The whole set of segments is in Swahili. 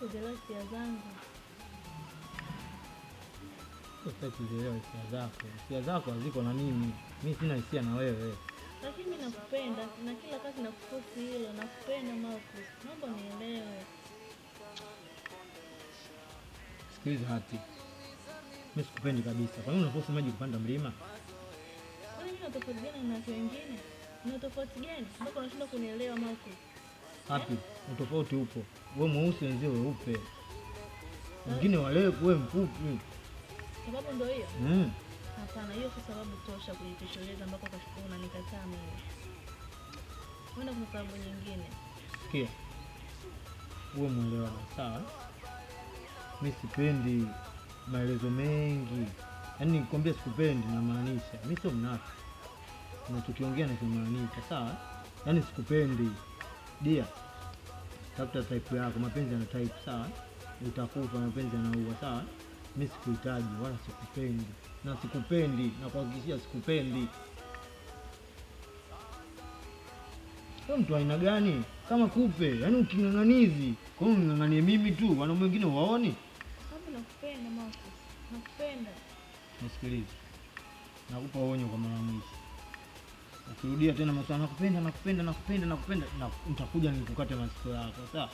kuzielewa hisia zangu. Sitaki kuzielewa hisia zako. Hisia zako haziko na mimi, mi sina hisia na wewe, lakini nakupenda na kila wakati nakuhusu hilo. Nakupenda Marcus, naomba nielewe. Sikiliza Hati, mi sikupendi kabisa. Kwa nini unakosa maji kupanda mlima? Kwa nini unatofautiana na watu wengine? Unatofautiana mpaka unashindwa kunielewa Marcus? Hapi, utofauti upo. We mweusi wenzie weupe, wengine wale we mfupi. Sababu ndo hiyo? Mm. Hapana, hiyo si sababu tosha kujitosheleza ambako kashukuru unanikataa mimi. Wenda kuna sababu nyingine. Sikia, we mwelewana, sawa? Mi sipendi maelezo mengi, yaani nikikwambia sikupendi namaanisha. Mi sio mnafiki, nachokiongea nakimaanisha, sawa? Yaani sikupendi Dia, tafuta type yako, mapenzi yana type, sawa. Utakufa, mapenzi yanaua, sawa. Mi sikuhitaji wala sikupendi, na sikupendi, nakuhakikishia sikupendi. Mtu aina gani? Kama kupe, yaani uking'ang'anizi. Kwa hiyo ng'ang'anie mimi tu, wanaume wengine waoni. Nisikilize, nakupa onyo kwa mara mwisho ukirudia tena masuala nakupenda nakupenda nakupenda nakupenda, nitakuja nikukate masikio yako sawa.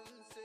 once